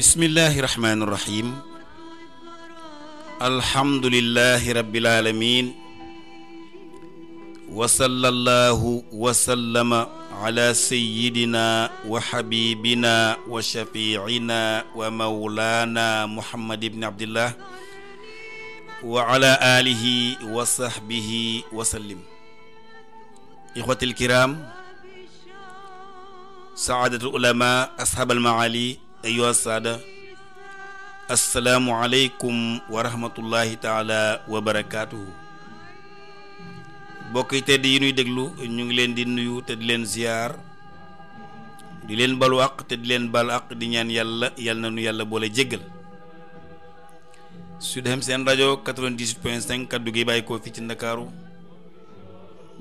bismillahi rahmaani rahim alhamdulillahi rabbil aalamiin wa sallallahu wa sallama ala sayyidina wa xabibina wa shafiicina wa mawlaana Muhammad ibn Abdillah wa ala aalihi wa sahbihi wa sallim. ixwatil kiraam saadatul ulamaa ashaabal maali ayuha saada asalaamualeykum wa rahmatullahi taala wa barakaatuhu mbokk yi tedd yi nuy déglu ñu ngi leen di nuyu te di leen ziyaar di leen balu àq te di leen bal àq di ñaan yàlla yàlla na nu yàlla boole jéggal Sud FM seen rajo 98.5 kaddu gi bàyyi koo fii ci ndakaaru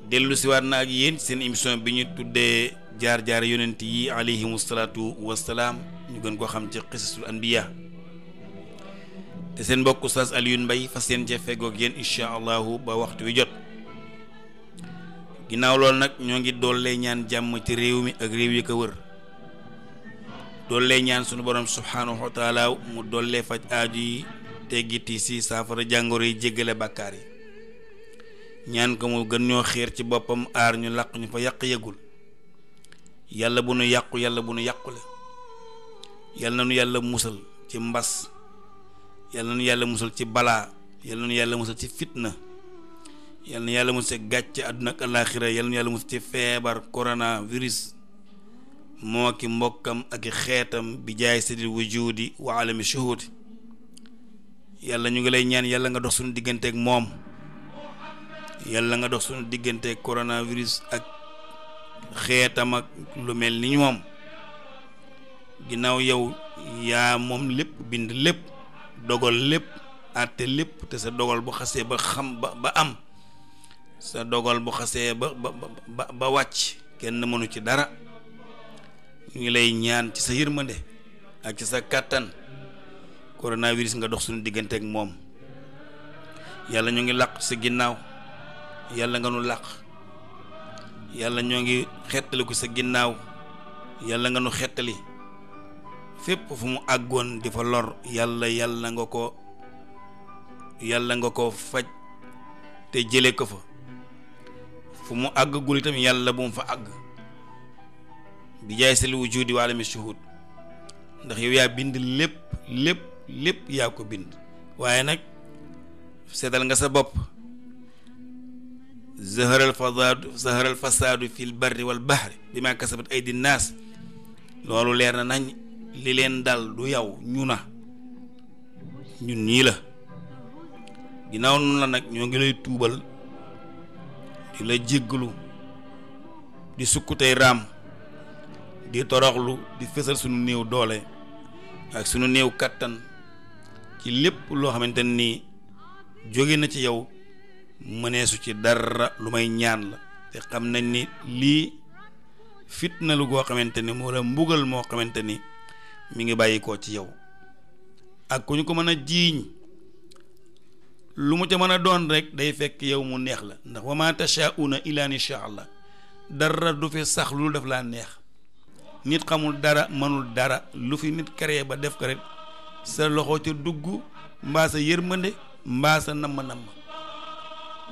dellu siwaat na ak yéen seen émission bi ñu tuddee jaar-jaar yonent yi alayhimu salaatu wassalaam ñu gën koo xam ci xisasul anbiya te seen mbokk Oustaz Alioune Mbaye fas yéen cee feggoog yéen incha allahu ba waxtu wi jot ginnaaw loolu nag ñoo ngi doollee ñaan jàmm ci réew mi ak réew yi ko wër doollee ñaan sunu borom subhaanahu wa mu doollee faj aaju yi teggiti si saafara jàngoro yi jéggale bàkkaar yi ñaan ko mu gën ñoo xiir ci boppam aar ñu làq ñu fa yàq yëgul yàlla bu nu yàqu yàlla bu nu yàqule yal na nu yàlla musal ci mbas yal na nu yàlla musal ci balaa yal na nu yàlla musal ci fitna yal na yàlla musal ci gàcce àdduna ak alaaxira yal na yàlla musal ci feebar corona virus moo mbokkam ak xeetam bi jaay sadil wujudi wa alami shuhud yàlla ñu ngi lay ñaan yàlla nga dox suñu digganteeg moom yàlla nga dox suñu digganteeg coronavirus ak xeetam ak lu mel ni ñoom ginnaaw yow yaa moom lépp bind lépp dogal lépp àtte lépp te sa dogal bu xasee ba xam ba ba am sa dogal bu xasee ba ba ba wàcc kenn mënu ci dara ñu ngi lay ñaan ci sa yërmande ak ci sa kàttan coronavirus nga dox suñu diggante ak moom yàlla ñu ngi làq sa ginnaaw yàlla nga nu làq yàlla ñoo ngi xettaliku sa ginnaaw yàlla nga nu xettali fépp fu mu àggoon di fa lor yàlla yàlla nga ko yàlla nga ko faj te jële ko fa fu mu àggagul itam yàlla bu mu fa àgg bi jaay sel wujudi wa alami shuhud ndax yow yaa bind lépp lépp lépp yaa ko bind waaye nag seetal nga sa bopp zaharal fasaadu zaharal fasaadu fil barri wal bahri bi ma kasabat aydi naas loolu leer na nañ li leen dal du yow ñu na ñun ñii la ginnaaw nun la nag ñoo ngi lay tuubal di la jéggalu di sukkutey raam di toroxlu di fësal sunu néew doole ak sunu néew kàttan ci lépp loo xamante nii jóge na ci yow mëneesu ci dara lu may ñaan la te xam na ni lii fitna lu goo xamante ni moo la mbugal moo xamante ni mi ngi bàyyi ko ci yow ak ku ñu ko mën a jiiñ lu mu ca mën a doon rek day fekk yow mu neex la ndax wa ma tashauna illa insha allah dara du fi sax lu def laa neex nit xamul dara mënul dara lu fi nit créé ba def ko rek sa loxo ca dugg mbaa sa yërmande mbaa sa namm namm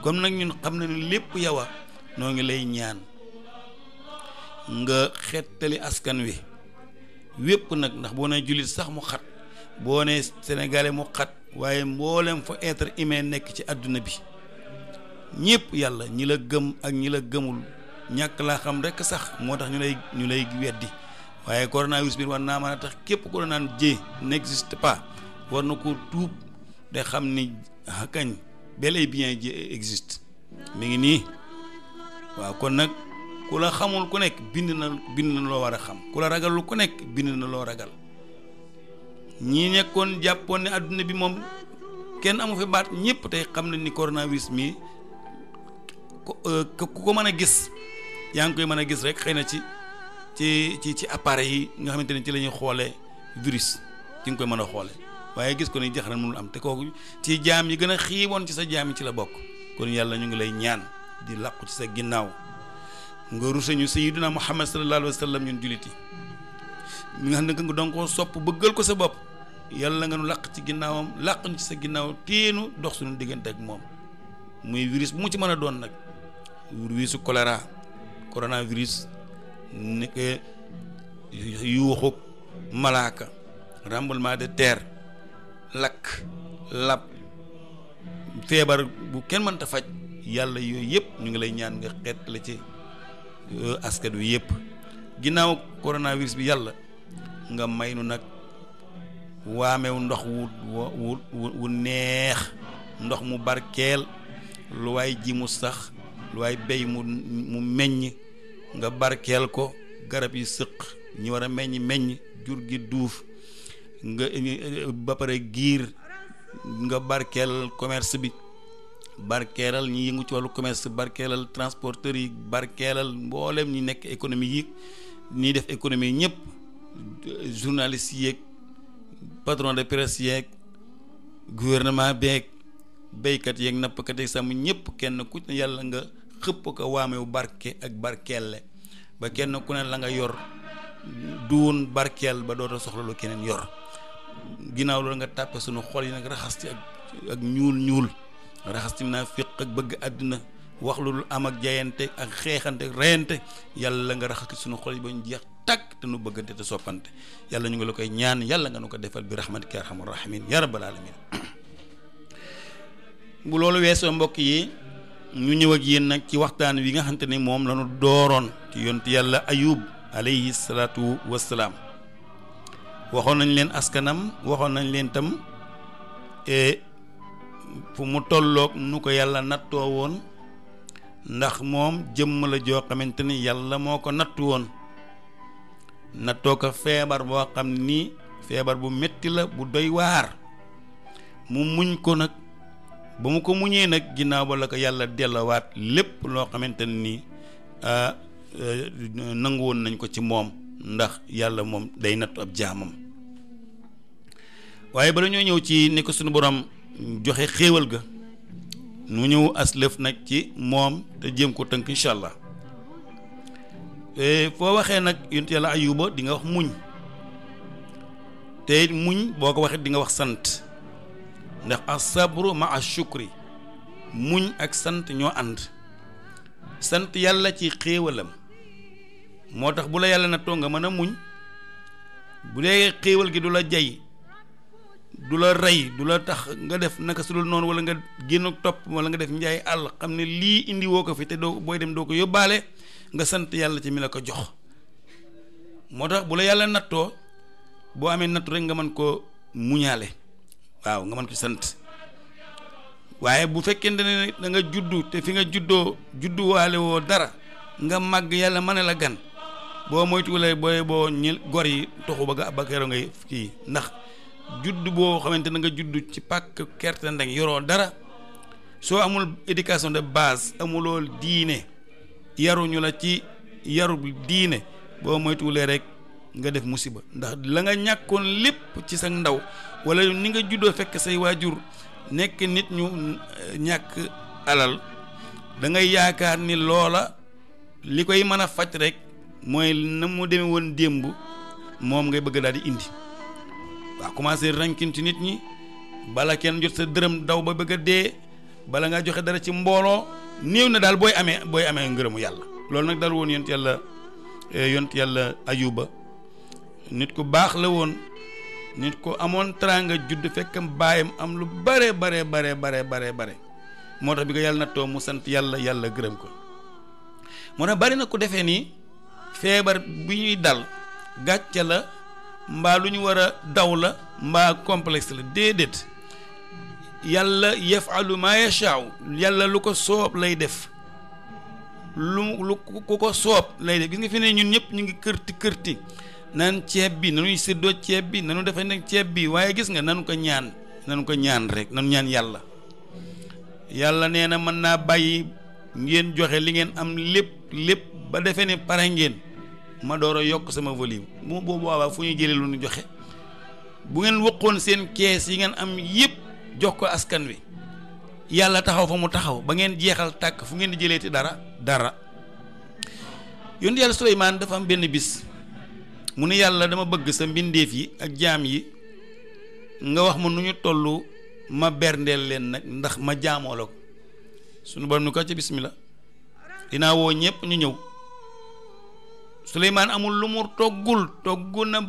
comme nag ñun xam na ni lépp yow a noo ngi lay ñaan nga xettali askan wi wépp nag ndax boo nee jullit sax mu xat boo nee sénégalais mu xat waaye mboolem fa être humain nekk ci àdduna bi ñëpp yàlla ñi la gëm ak ñi la gëmul ñàkk laa xam rek sax moo tax ñu lay ñu lay weddi waaye coronavirus bi war naa mën a tax képp ko naan jee n'existe pas war na ko tuub de xam ni xakañ bel bien jee existe mi ngi nii waaw kon nag. ku la xamul ku nekk bind na bind na loo war a xam ku la ragalul ku nekk bind na loo ragal ñi nekkoon jàppoon ne àdduna bi moom kenn amu fi baat ñëpp tey xam nañ ni coronavirus mii ku ko mën a gis yaa ngi koy mën a gis rek xëy na ci ci ci ci appareil yi nga xamante ne ci la xoolee virus ci nga koy mën a xoolee waaye gis ko ni jaxaran mënul am te kooku ci jaam yi gën a xiiboon ci sa jaam yi ci la bokk kon yàlla ñu ngi lay ñaan di làqu ci sa ginnaaw nga rusañu sayyiduna muhammad sallallahu alayhi wa sallam ñun jullit yi mi nga xam ne nga doon koo sopp bëggal ko sa bopp yàlla nga nu làq ci ginnaawam làq ñu ci sa ginnaaw téenu dox suñu diggante ak moom muy virus bu mu ci mën a doon nag virusu choléra coronavirus nekk yuuxu malaaka tremblement de terre lakk lab feebar bu kenn mënta faj yàlla yooyu yëpp ñu ngi lay ñaan nga xeet la ci Euh, askan bi yëpp ginnaaw coronavirus bi yàlla nga may nu nag waamew ndox wu wu wu neex ndox mu barkeel lu waay ji mu sax lu waay béy mu meññ nga barkeel ko garab yi sëq ñi war a meññ meññ jur gi duuf nga ba pare giir nga barkeel commerce bi barkeelal ñi yëngu ci wàllu commerce barkeelal transporteurs yi barkeelal mboolem ñi nekk économie yi ñiy def économie ñëpp journalistes yeeg patron de presse yeeg gouvernement beeg béykat yeeg nappkat yeeg sàmm ñëpp kenn ku ne yàlla nga xëpp ko waamewu barke ak barkeelle ba kenn ku ne la nga yor duwoon barkeel ba doota soxla lu keneen yor ginnaaw loolu nga tàppe sunu xol yi nag raxas ci ak ak ñuul ñuul raxas naa féq ak bëgg àdduna wax lu am ak jayante ak xeexante reyante yàlla nga raxas suñu xol yi ba ñu jeex takk te nu bëggante te soppante yàlla ñu ngi la koy ñaan yàlla nga nu ko defal bi rahmatika arhamar rahimin ya rabbal alamin bu loolu weesoo mbokk yi ñu ñëw ak yéen nag ci waxtaan wi nga xamante ni moom la dooroon dooroon yoon yontu yàlla ayub alayhi salaatu wassalaam waxoon nañ leen askanam waxoon nañ leen tam eh, fu mu tolloog nu ko yàlla nattoo woon ndax moom jëmm la joo xamante ni yàlla moo ko nattu woon nattoo ko feebar boo xam ni feebar bu metti la bu doy waar mu muñ ko nag ba mu ko muñee nag ginnaaw ba la ko yàlla dellowaat lépp loo xamante ni nangu woon nañ ko ci moom ndax yàlla moom day nattu ab jaamam waaye bala ñoo ñëw ci ni suñu borom joxe xéewal ga nu ñëw aslëf nag ci moom te jéem ko tënk incha e, foo waxee nag yonent yàlla ayuba di nga wax muñ te muñ boo ko waxee di nga wax sant ndax asabru ma ashukri muñ ak sant ñoo ànd sant yàlla ci xéewalam moo tax bu la yàlla nattoo nga mën a muñ bu dee xéewal gi du la jay du la rey du la tax nga def naka su dul noonu wala nga génn topp wala nga def njaay àll xam ne lii indiwoo ko fi te doo booy dem doo ko yóbbaale nga sant yàlla ci mi la ko jox moo tax bu la yàlla nattoo boo amee nattu rek nga mën koo muñaale waaw nga mën ko sant waaye bu fekkente ne da te fi nga juddoo judduwaale woo dara nga màgg yàlla mën la gan boo moytuwulee booy boo ñi gor yi toxu ba nga ba keroog ngay kii ndax. juddu boo xamante na nga juddu ci pàkk kerte ndeng yoroo dara soo amul éducation de base amuloo diine yaru ñu la ci yaru diine boo moytuwulee rek nga def musiba ndax la nga ñàkkoon lépp ci sa ndaw wala ni nga juddoo fekk say waajur nekk nit ñu eh, ñàkk alal da ngay yaakaar ni loola li koy mën a faj rek mooy na mu demee woon démb moom ngay bëgg daal di indi waa commencé rankinti nit ñi bala kenn jot sa dërëm daw ba bëgg a dee bala ngaa joxe dara ci mbooloo néew na daal booy amee booy amee ngërëmu yàlla loolu nag dal woon yont yàlla eh, yont yàlla ayuba nit ku baax la woon nit ko amoon teraanga judd fekkam baayam am lu bare bare bare bare bare bare moo tax bi ko yàlla nattoo mu sant yàlla yàlla gërëm ko moo tax bari ku defee nii feebar bi ñuy dal gàcce la mbaa lu ñu war a daw la mbaa complexe la déedéet yàlla yef maa yashaaw yàlla lu ko soob lay def lu lu ku ko soob lay def gis nga fi ne ñun ñëpp ñu ngi kërti kërti naan ceeb bi nanuy séddoo ceeb bi nanu defe nag ceeb bi waaye gis nga nanu ko ñaan nanu ko ñaan rek nanu ñaan yàlla yàlla nee na mën naa bàyyi ngeen joxe li ngeen am lépp lépp ba defee ne pare ngeen ma door a yokk sama volume bu ma boobu waawaa fu ñu jëlee lu ñu joxe bu ngeen waqoon seen kees yi ngeen am yëpp jox ko askan wi yàlla taxaw fa mu taxaw ba ngeen jeexal tàkk fu ngeen di jëlee jëleeti dara dara yonent yàlla Suleymaan dafa am benn bis mu ne yàlla dama bëgg sa mbindeef yi ak jaam yi nga wax ma nu ñu toll ma berndeel leen nag ndax ma jaamoo la ko sunu borom ni ko ca bismillah dinaa woo ñëpp ñu ñëw Suleymaan amul lu mu toggul togg na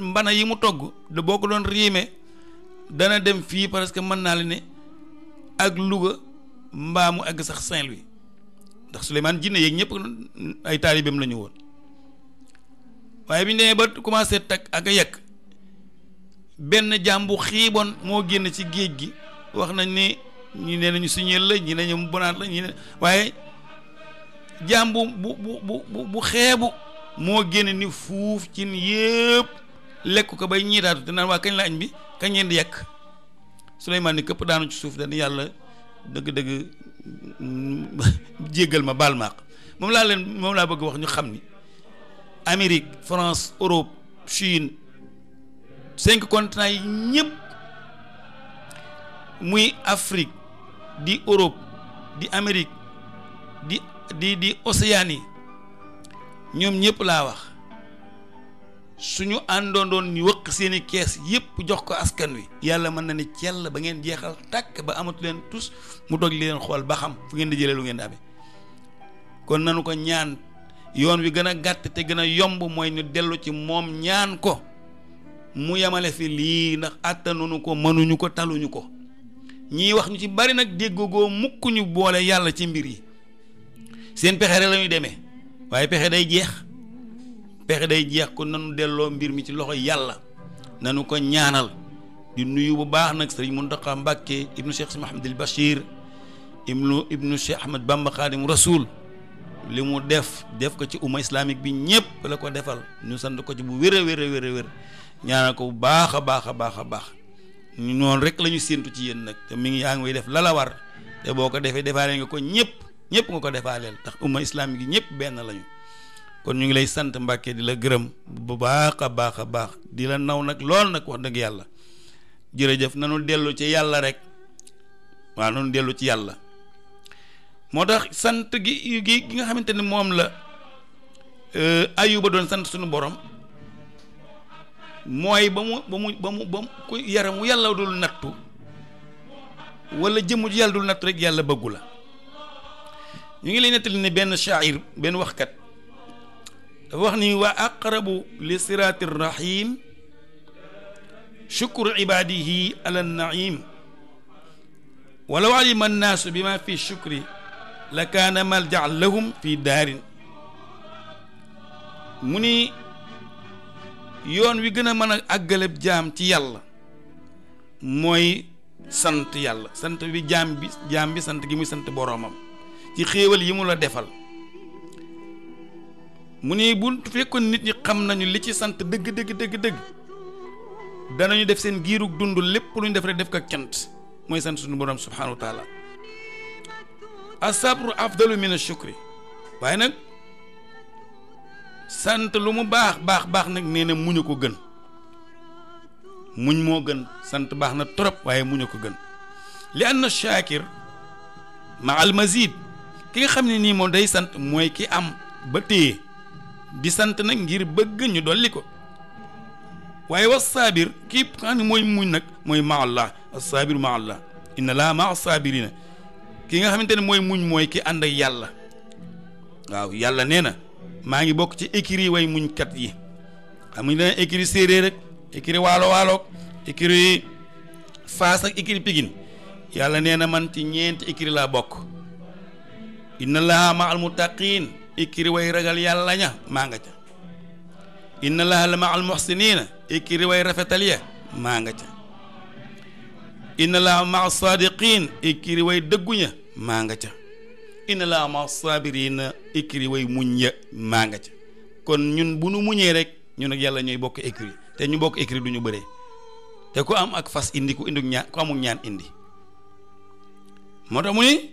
mbana yi mu togg da boo ko doon riime dana dem fii parce que mën naa la ne ak Louga mbaamu mu àgg sax Saint-Louis ndax Suleymaan jinne yeeg ñëpp ay taalibeem la ñu woon waaye bi ñu demee ba commencé takk ak a yekk benn jaam bu xiiboon moo génn ci géej gi wax nañ ni ñi nee nañu siñeel la ñi ne ñu bonaat la ñi ne waaye jaam bu bu bu bu bu xeebu moo génne ni fuuf cin yëpp lekk ko bay ñiitaatu te naan waa kañ la añ bi kañ ngeen di yekk Suleymaan ni këpp daanu ci suuf dañu yàlla dëgg-dëgg jéggal ma baal maaq moom laa leen moom laa bëgg wax ñu xam ni Amérique France Europe Chine cinq continents yi ñëpp muy Afrique di Europe di Amérique di di di océan yi ñoom ñëpp laa wax suñu àndoondoon ñu wëq seeni kees yëpp jox ko askan wi yàlla mën na ni cell ba ngeen jeexal tàkk ba amatu leen tus mu dog leen xool ba xam fu ngeen di jëlee lu ngeen di amee kon nanu ko ñaan yoon wi gën a gàtt te gën a yomb mooy ñu dellu ci moom ñaan ko mu yemale fi lii ndax àttanuñu ko mënuñu ko taluñu ko ñii wax ñu ci bari nag déggugoo mukk ñu boole yàlla ci mbir yi seen pexere la ñuy demee waaye pexe day jeex pexe day jeex ko nanu delloo mbir mi ci loxo yàlla nanu ko ñaanal di nuyu bu baax nag sëriñ Muntaxa Mbàkke ibnu Cheikh si Mahamadul Bachir ibnu ibnu Cheikh Ahmad Bamba Xaadim Rasul li mu def def ko ci umma islamique bi ñëpp la ko defal ñu sant ko ci bu wér a wér a wér wér ñaanal ko bu baax a baax a baax a baax noonu rek la ñu ci yéen nag te mi ngi yaa ngi def lala war te boo ko defee defaale nga ko ñëpp ñëpp nga ko defaaleel ndax umma islamique yi ñëpp benn lañu kon ñu ngi lay sant Mbàkke di la gërëm bu baax a baax a baax di la naw nag lool nag wax dëgg yàlla jërëjëf nanu dellu ci yàlla rek waaw nanu dellu ci yàlla moo tax sant gi gi gi nga xamante ni moom la euh, ayuba doon sant suñu borom mooy ba mu ba mu ba mu ba mu ku yaram wu yàlla dul nattu wala jëmm ju yàlla dul nattu rek yàlla bëggu la ñu ngi leen nettali ne benn shaayir benn waxkat dafa wax ni waa aqrabu li siraati rahim shukru ibaadihi ala naim walaw alima annaasu bi ma fi shukri la kaana malja lahum fi daarin mu ni yoon wi gën a mën a àggaleb jaam ci yàlla mooy sant yàlla sant bi jaam bi jaam bi sant gi muy sant boroomam ci xéewal yi mu la defal mu ne bu fekkoon nit ñi xam nañu li ci sant dëgg dëgg dëgg dëgg danañu def seen giirug dund lépp lu ñu def rek def ko cant mooy sant suñu borom subhanahu wa taala asabru afdalu min ashukri waaye nag sant lu mu baax baax baax nag nee na muñu ko gën muñ moo gën sant baax na trop waaye muñu ko gën li anna shaakir ma almazid ki nga xam ne nii moom day sant mooy ki am ba téye di sant nag ngir bëgg ñu dolli ko waaye wa saabir kii xam ne mooy muñ nag mooy ma allah asaabiru ma allah inna ki nga xamante ne mooy muñ mooy ki ànd ak yàlla waaw yàlla nee na maa ngi bokk ci écurie way muñkat yi xam nga dana écurie séeréer rek écurie waalo waaloog écurie faas ak écurie pigin yàlla nee na man ci ñeenti écurie laa bokk inna laha ma al muttaqin ikkiri way ragal yàlla ña maa nga ca inna laha la ma al muhsinina way rafetal ya maa nga ca inna laha ma al sadiqin ikkiri dëggu ña maa nga ca inna laha ma al sabirina ikkiri muñ ya maa nga ca kon ñun bu nu muñee rek ñun ak yàlla ñooy bokk écrit te ñu bokk écrit du ñu bëree te ku am ak fas indi ku indi ñaan ku amul ñaan indi moo tax mu ni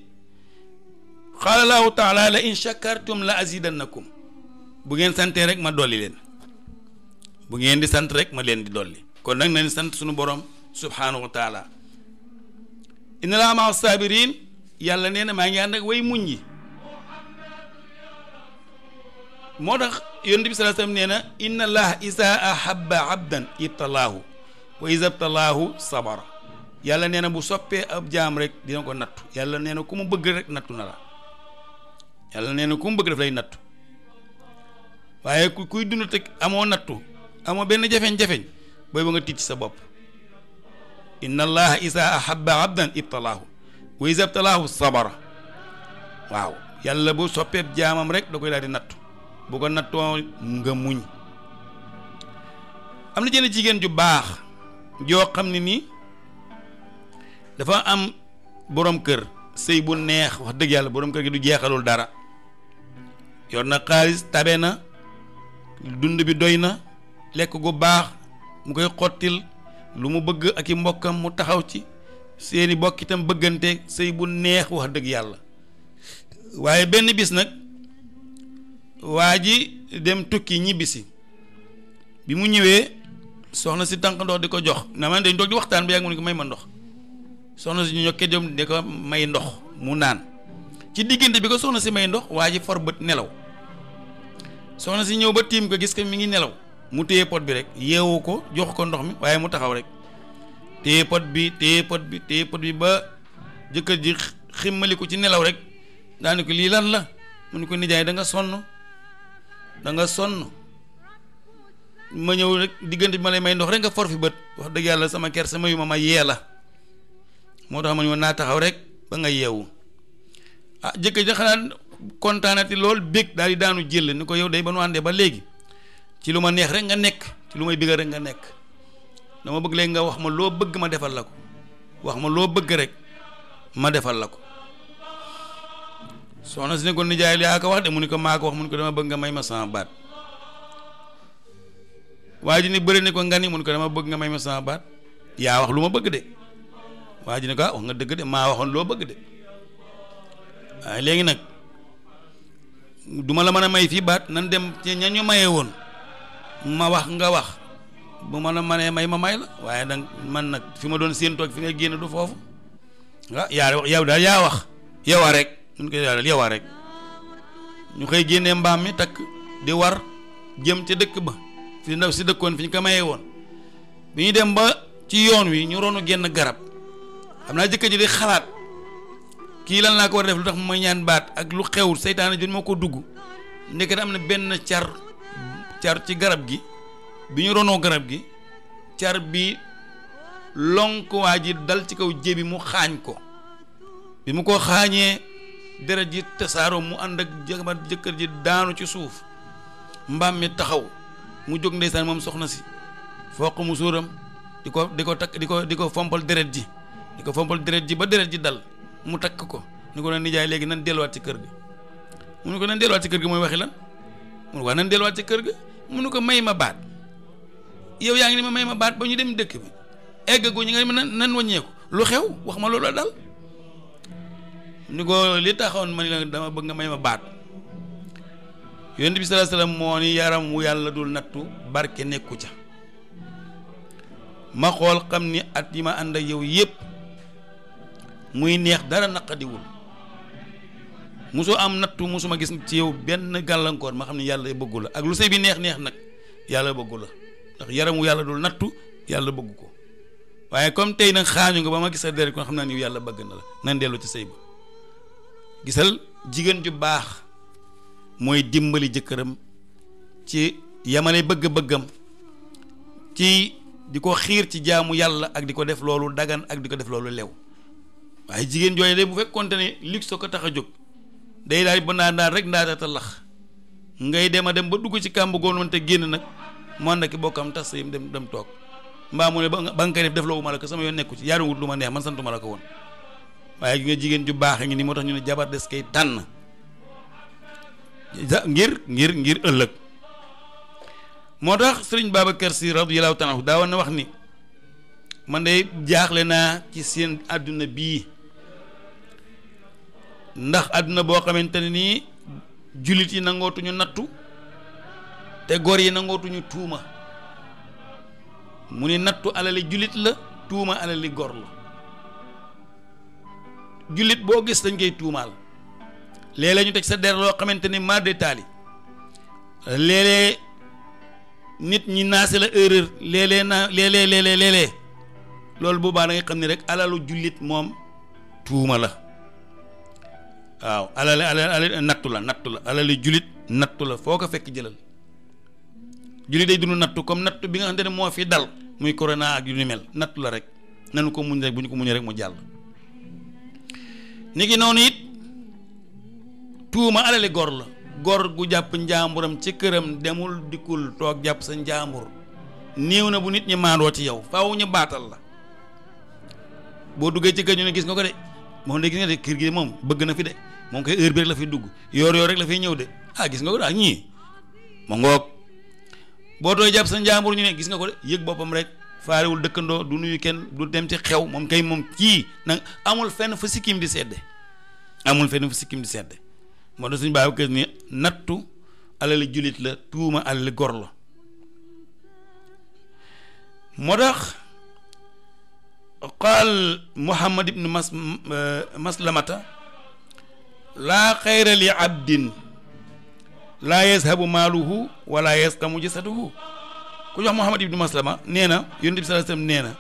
qaala allahu taala la in shakartum la azidannakum bu ngeen santee rek ma dolli leen bu ngeen di sant rek ma leen di dolli kon nag nañ sant suñu borom subhaanahu wa taala inna laa maa saabiriin yàlla nee na maa ngi ànd way muñ yi moo tax yonent bi sallallahu alayhi wasallam nee na inna allaha isa ahabba abdan ibtalaahu wa isa ibtalaahu sabara yàlla nee na bu soppee ab jaam rek dina ko natt yàlla nee na ku mu bëgg rek nattu na la yàlla nee na ku mu bëgg daf lay nattu waaye ku kuy dund teg amoo nattu amoo benn jafeñ-jafeñ booy ba nga tiit ci sa bopp inna allaha isa ahaba abdan ibtalaahu wa isa waaw yàlla bu soppeeb jaamam rek da koy daal di nattu bu ko nattoo nga muñ am na jenn jigéen ju baax joo xam ne nii dafa am boroom kër sëy bu neex wax dëgg yàlla boroom kër gi du jeexalul dara yor na xaalis tabe na dund bi doy na lekk gu baax mu koy xottil lu mu bëgg ak i mbokkam mu taxaw ci seeni bokk bëggante sëy bu neex wax dëgg yàlla waaye benn bis nag waa ji dem tukki ñibbisi bi mu ñëwee soxna si tànk ndox di ko jox na man dañ toog di waxtaan ba yàgg mu ne ko may ma ndox soxna si ñu ñokkee jom di ko may ndox mu naan ci diggante bi ko soxna si may ndox waa ji for nelaw soxna si ñëw ba tiim ko gis ko mi ngi nelaw mu téye pot bi rek yeewu ko jox ko ndox mi waaye mu taxaw rek téye pot bi téye pot bi téye pot bi ba jëkkër ji ximmali ko ci nelaw rek daani ko lii lan la mu ne ko nijaay danga sonn danga sonn ma ñëw rek diggante bi ma lay may ndox rek nga for fi bët wax dëgg yàlla sama ker sama yu ma ma yee la moo tax ma ñëw naa taxaw rek ba nga yeewu ah jëkkër ji xanaa kontaanati lool bég daal di daanu jël ni ko yow day ba nu àndee ba léegi ci lu ma neex rek nga nekk ci lu may bégal rek nga nekk dama bëgg léegi nga wax ma loo bëgg ma defal la ko wax ma loo bëgg rek ma defal la ko soxna si ne ko nijaay li wax de mu ni ko maa ko ko dama bëgg nga may ma sama baat waa ji ne bëri ne ko nga ni mu ko dama bëgg nga may ma sama baat yaa wax lu ma bëgg de waa ji ne ko ah wax nga dëgg de maa waxoon loo bëgg de waaye léegi nag du ma la mën a may fii baat nan dem ci ña ñu mayee woon ma wax nga wax bu ma la mënee may ma may la waaye dang man nag fi ma doon séen toog fi nga génn du foofu ah yaa wax yow daal yaa wax yowaa rek ñun koy daal yowaa rek ñu xëy génnee mbaam mi takk di war jëm ca dëkk ba fi ndaw si dëkkoon fi ñu ko mayee woon bi ñu dem ba ci yoon wi ñu ronu génn garab xam naa jëkkër ji di xalaat kii lan laa ko war a def lu tax ma ñaan baat ak lu xew seytaane jot moo ko dugg ndekete am na benn car car ci garab gi bi ñu ronoo garab gi car bi lonk waa ji dal ci kaw jébi mu xaañ ko bi mu ko xaañee deret ji tasaaroo mu ànd ak jabar jëkkër ji daanu ci suuf mbaam mi taxaw mu jóg ndeysaan moom soxna si foq mu suuram di ko di ko takk di ko di ko fompal deret ji di ko fompal deret ji ba deret ji dal mu takk ko ñu ko nag nijaay léegi nan delluwaat ci kër gi mu ko nan delluwaat ci kër ga mooy waxi lan mu ne ko delluwaat ci kër ga mu ko may ma baat yow yaa ngi ni ma may ma baat ba ñu dem dëkk bi eggagu ñu nga ma nan nan wàññeeku lu xew wax ma loolu daal ni ko li taxoon ma ni dama bëgg nga may ma baat yonent bi sallallahu alayhi wasallam moo ni yaram wu yàlla dul nattu barke nekku ca ma xool xam ni at yi ma ànd ak yow yépp muy neex dara naqadiwul mosoo am nattu mosuma gis ci yow benn gàllankoor ma xam ne yàlla bëggula ak lu sëy bi neex neex nag yàlla bëggula ndax yaramu yàlla dul nattu yàlla bëgg ko waaye comme tey nag xaañu nga ba ma gis sa deret kon xam naa ni yàlla bëgg na la nan ci say ba gisal jigéen ju baax mooy dimbali jëkkëram ci yamale bëgg-bëggam ci di ko xiir ci jaamu yàlla ak di ko def loolu dagan ak di ko def loolu lew waaye jigéen jooju de bu fekkoonte ne soo ko tax a jóg day daal ba naa daal rek ndaa ta lax ngay dem a dem ba dugg ci kàmb goon wante génn nag mu ànd ak bokkam tas dem toog mbaa mu ne ba nga def def ma la ko sama yoon nekku ci yaa lu ma neex man santuma la ko waaye gi nga jigéen ju baax ngi ni moo tax ñu ne jabar des kay tànn ngir ngir ngir ëllëg moo tax sëriñ Babacar Si radiyallahu taala daawoon wax ni man de jaaxle naa ci seen àdduna bii ndax àdduna boo xamante ne nii jullit yi nangootuñu nattu te góor yi nangootuñu tuuma mu ni nattu alali jullit la tuuma alali góor la jullit boo gis dañ koy tuumaal léeg-léeg ñu teg sa der loo xamante ni mar taali léeg nit ñi naase la erreur léeg-léeg naa léeg loolu boobaa da xam ne rek alalu jullit moom tuuma la waaw alal alal nattu la nattu la alal julit nattu la foo ko fekk jëlal julit day dund nattu comme nattu bi nga xamante ne moo fi dal muy corona ak yu ni mel nattu la rek nanu ko muñ rek bu ñu ko muñee rek mu jàll. ni ki noonu it tuuma alali gor la gor gu jàpp njàmburam ci këram demul dikkul toog jàpp sa njàmbur néew na bu nit ñi maandoo ci yow faaw ñu baatal la boo duggee ci kër ñu ne gis nga ko de. moom de gis nga de kër gi moom bëgg na fi de moom koy heure bi rek la fay dugg yoor yoor rek la fiy ñëw de ah gis nga ko daal ñii mu ngoog boo tooy jàpp sa njaambur ñu ne gis nga ko de yëg boppam rek faarewul dëkkandoo du nuyu kenn du dem ci xew moom kay moom kii nag amul fenn fa sikkim di sedde amul fenn fa sikkim di sedde moo tax suñu baabu kër ni nattu alali jullit la tuuma alali gor la moo tax qaal muhammad ibnu mas eh, maslamata laa xayra li abdin laa yashabu maaluhu wala yaskamu jasaduhu ku jox muhammad ibnu maslama nee na yonent bi sallallahu alayhi wasallam nee na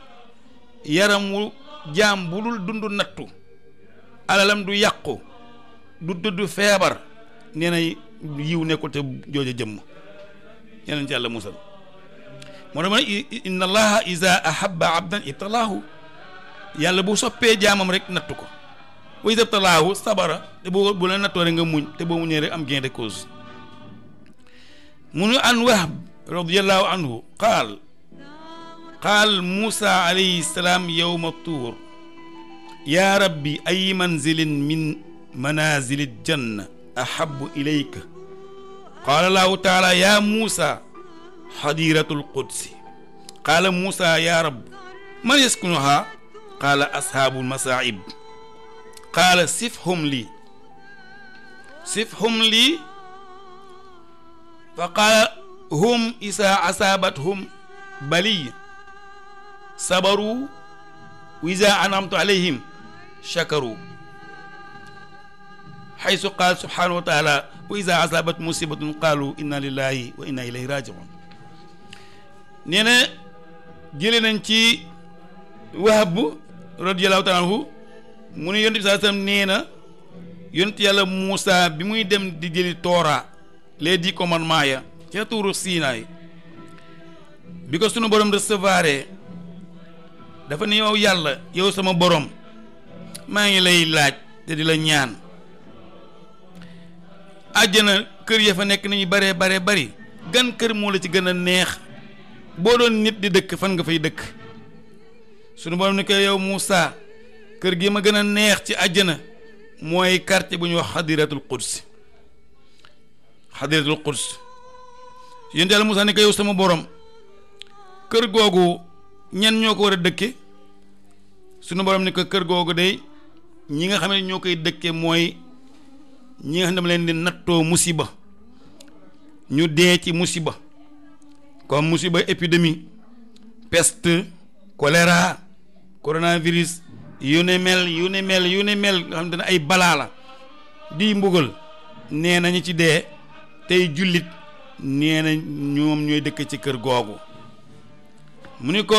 yaramu jaam bu dul dund nattu alalam du yàqu du dudd feebar nee na yiw nekkul te jooja jëmm yeneen ci yàlla musal moo tax ma ne inna allaha ida ahaba abdan ibtalaahu yàlla bu soppee jaamam rek nattu ko wa iza btalaahu sabara te bu bu la nattoo rek nga muñ te boo muñee rek am gain de cause munu an wahb radiallahu anhu qaal qaal muusa alayhi salaam yowma tuur allahu taala yaa xadiratu lqudsi qaala muusa yaa rab man yaskunuha qaala ashaabul masaa'ib qaala sifhum lii sifhum lii fa qaala hum isaa asaabathum baliya sabaru wa izaa an'amtu alayhim shakaru xaysu qaal subhaanahu wa taala wa izaa asaabat musibatun qaalu inna lillahi wa inna ilayhi raaji'un nee na jële nañ ci wahab radiyallahu taala anhu mu ne yonent bi saa sallam nee na yont yàlla Moussa bi muy dem di jëli Toora les dix commandements ya ca tuuru Sinaay bi ko sunu borom recevoir dafa ne yow yàlla yow sama boroom maa ngi lay laaj te di la ñaan àjjana kër ya fa nekk nañu bare bare bari gan kër moo la ci gën a neex boo doon nit di dëkk fan nga fay dëkk suñu borom ni ko yow Moussa kër gi ma gën a neex ci àjjana mooy quartier bu ñuy wax xadiratul quds xadiratul quds yéen yàlla Moussa ni ko yow sama borom kër googu ñenn ñoo ko war a dëkke suñu borom ni ko kër googu day ñi nga xam ne ñoo koy dëkke mooy ñi nga xam ne dama leen di nattoo musiba ñu dee ci musiba comme musiba épidémie peste choléra coronavirus yu ne mel yu ne mel yu ne mel nga xam ne ay balaa la di mbugal nee nañu ci dee tey jullit nee na ñoom ñooy dëkk ci kër googu mu ni ko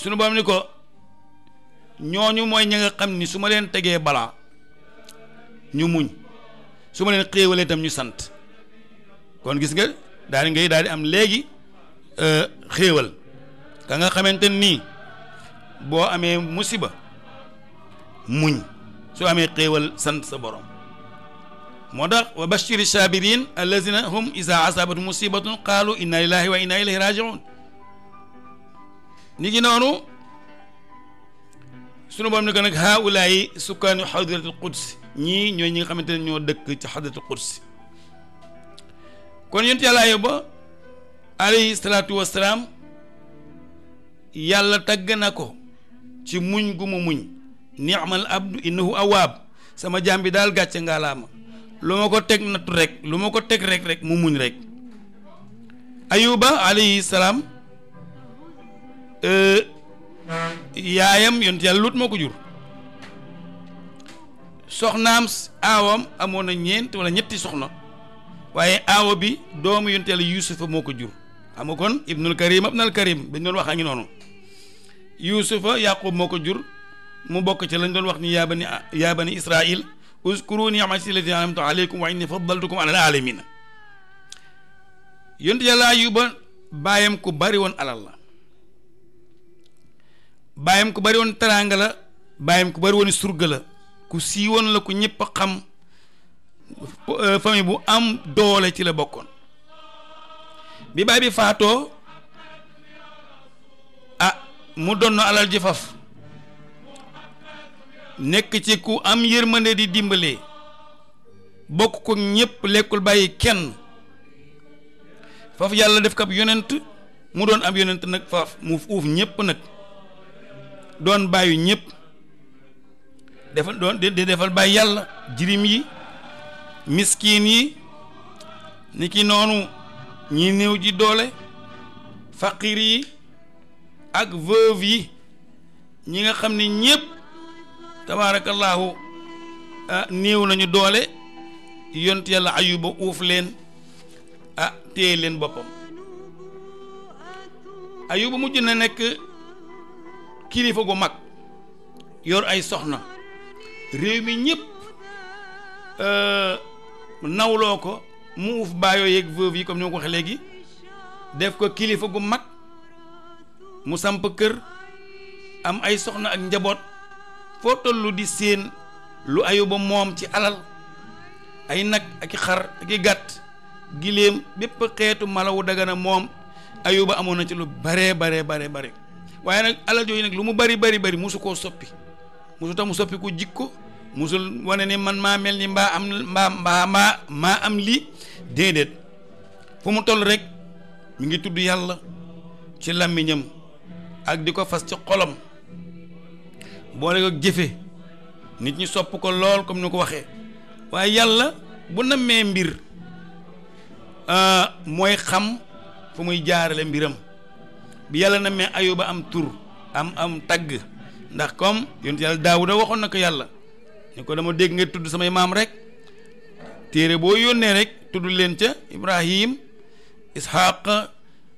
sunu borom ni ko ñooñu mooy ña nga xam ni su ma leen tegee balaa ñu muñ su ma leen xéewalee tam ñu sant kon gis nga daal ngay daal di am léegi euh, xéewal ka nga xamante nii boo amee musiba muñ su amee xéewal sant sa borom moo tax wa bashiri sabirin allazina hum isa asabatum musibatun qaalu inna lillahi wa inna ilayhi rajiun ni gi noonu sunu borom ne ko nag haulaayi sukkaanu xadratul quds ñii ñooy ñi nga xamante ne ñoo dëkk ci xadratul quds kon yonent yàlla ayuba alayhi salaatu wasalaam yàlla tagg na ko ci muñ gu mu muñ ni'mal abdu innahu awaab sama jaam bi daal gàcce ngaalaama lu ma ko teg nattu rek lu ma ko teg rek rek mu muñ rek ayuba alayhi salaam euh, yaayam yonent yàlla lut moo ko jur soxnaam aawam amoon na ñeent walla ñetti soxna waaye aawa bi doomu yonent yàlla yusufa moo ko jur xam kon ibnul karim abnal karim dañ doon wax a ngi noonu yuusufa yaqub moo ko jur mu bokk ci lañ doon wax ni yaa bani yaa bani israil uskuru ni'mati allati an'amtu alaykum wa inni faddaltukum ala alamin yonent yàlla ayuba bàyyam ku bari woon alal la bàyyam ku bari woon teraanga la bàyyam ku bari woon surga la ku siiwoon la ku ñëpp xam famille bu am doole ci la bokkoon bi baay bi faatoo mu donn alal ji faf nekk ci ku am yërmande di dimbale bokk ko ñépp lekkul bàyyi kenn faf yàlla def ko ab yonent mu doon am yonent nag faf mu uuf ñépp nag doon bàyyi ñépp defal doon di defal bàyyi yàlla jirim yi miskin yi ni ki noonu ñi néew ji doole faqir yi ak veuve yi ñi nga xam ni ñëpp tabaarakallaahu ah, néew nañu doole yont yàlla ayuba uuf leen ah téye leen boppam ayuba mujj na nekk kilifa gu mag yor ay soxna réew mi ñëpp ah, nawloo ko mu uuf baayoo yeeg veuve yi comme ni ma ko waxee léegi def ko kilifa gu mag mu samp kër am ay soxna ak njaboot foo tollu di séen lu ayuba moom ci alal ay nag ak i xar ak i gàtt giléem bépp xeetu malawu dagana moom ayuba amoon na ci lu bare bare bare bare waaye nag alal jooju nag lu mu bari bari bari musu koo soppi musu tax mu soppi ko jikko musul wane ni man maa mel ni mbaa mbaa mbaa mbaa maa am lii déedéet fu mu toll rek mu ngi tudd yàlla ci làmmiñam ak di ko fas ci xolam boole ko jëfe nit ñi sopp ko lool comme ni ko waxee waaye yàlla bu nammee mbir mooy xam fu muy jaarale mbiram bi yàlla nammee ayuba am tur am am tagg ndax comme yonent yàlla daawuda waxoon na ko yàlla ni ko dama dégg nga tudd samay maam rek téere boo yónnee rek tudd leen ca ibrahim ishaq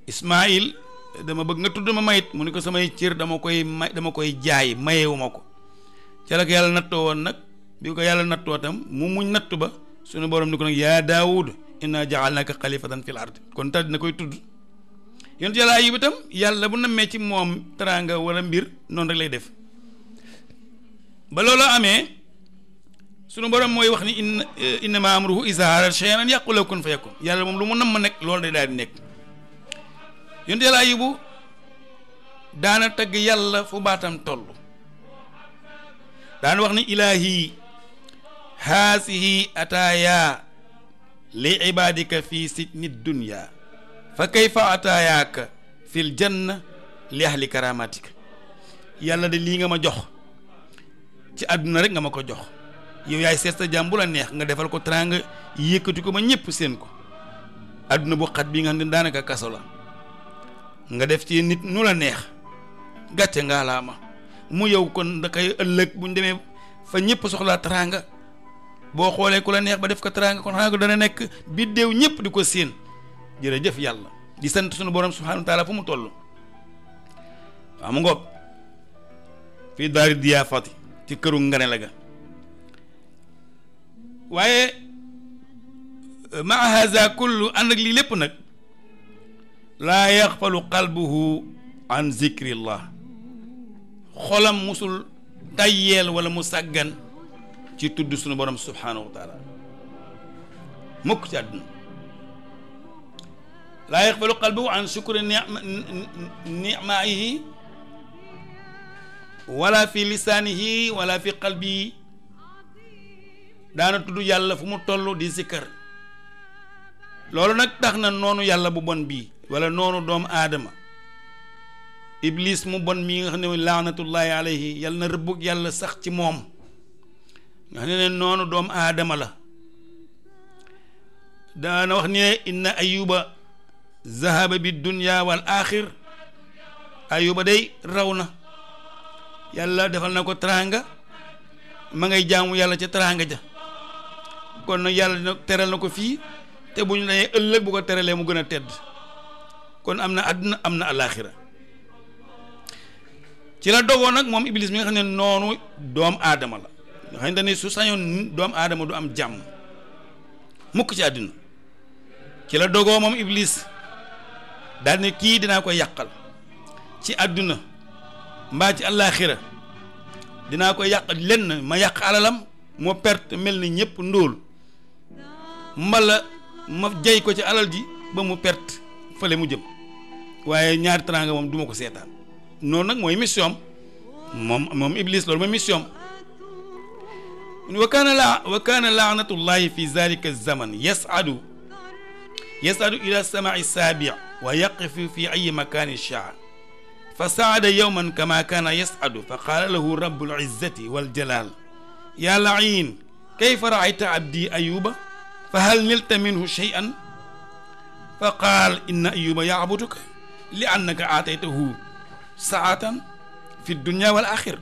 ismail dama bëgg nga tudd ma mayit mu ni ko samay cër dama koy may dama koy jaay mayewuma ko ca la ko yàlla nattoo woon nag bi ko yàlla nattoo tam mu muñ nattu ba suñu borom ni ko nag yaa daawud inna jaalnaka xalifatan fil ard kon tax dina koy tudd yonent yàlla ayub itam yàlla bu nammee ci moom teraanga wala mbir noonu rek lay def ba loolu amee sunu borom mooy wax ni inna innama amruhu izaa araada shay'an an yaqula kun fayakun yàlla moom lu mu namm nekk loolu day daal di nekk yonent yàlla ayibu daana tagg yàlla fu baatam toll daan wax ni ilaahi haasihi ataaya li ibaadika si nit dunya fa kayfa ataayaaka fil janna li ahli karamatika yàlla de lii nga ma jox ci àdduna rek nga ma ko jox yow yaay seet sa jàmm bu neex nga defal ko teraanga yëkkati ko ma ñëpp seen ko àdduna bu xat bi nga xam ne daanaka kaso la nga def ci nit nu la neex gàcce ngaa laa ma mu yow kon da koy ëllëg bu ñu demee fa ñëpp soxlaa teraanga boo xoolee ku la neex ba def ko teraanga kon xanaa ko dana nekk biddéew ñëpp di ko séen jërëjëf yàlla di sant sunu borom subhaanahu wa taala mu toll waaw mu ngoog fii diyaafati ci këru ngane la ga waaye ma haza kullu ànd ak lii lépp nag laa yaxfalu qalbuhu an zikrillah xolam musul tayyeel wala mu sàggan ci tudd sunu borom subhaanahu wa taala mukk ci àdduna laa yaxfalu qalbuhu an shukri nicmaihi wala fi lisaanihi wala fi qalbihi daana tudd yàlla fu mu toll di zikkar loolu nag tax na noonu yàlla bu bon bii wala noonu doomu aadama iblis mu bon mii nga xam ne laanatullaahi alayhi yàlla na rëbbug yàlla sax ci moom nga xam ne noonu doomu aadama la daana wax ne inna ayuba zahaba bi dunya wal axir ayuba day raw na yàlla defal na ko teraanga ma ngay jaamu yàlla ca teraanga ja kon nag yàlla dina teral na ko fii te bu ñu nee ëllëg bu ko teralee mu gën a tedd kon am na àdduna am na alaaxira ci la dogoon nag moom iblis mi nga xam ne noonu doom aadama la nga xam ne dañuy su sañoon doom aadama du am jàmm mukk ci àdduna ci la dogoo moom iblis daal ne kii dinaa ko yàqal ci àdduna mbaa ci alaaxira dinaa ko yàq lenn ma yàq alalam moo perte mel ni ñëpp ndóol mbala ma jey ko ci alal ji ba mu perte fële mu jëm waaye ñaari teraanga moom du ma ko seetaan noonu nag mooy mission am moom moom Iblis loolu mooy mission am wa kaana la wa kaana laanatullahi fi zalika zaman yasadu yasadu ila samai saabi wa yaqifu fi ayi makaani shaa fa saada yowman kama kaana yasadu fa qaala lahu rabbul izzati wal jalaal yaa lain kayfa raayta abdi ayuba fa hal nilta minhu shay'an fa qaal inna ayuba yaabuduka li annaka aataytahu saatan fi dunia wal axir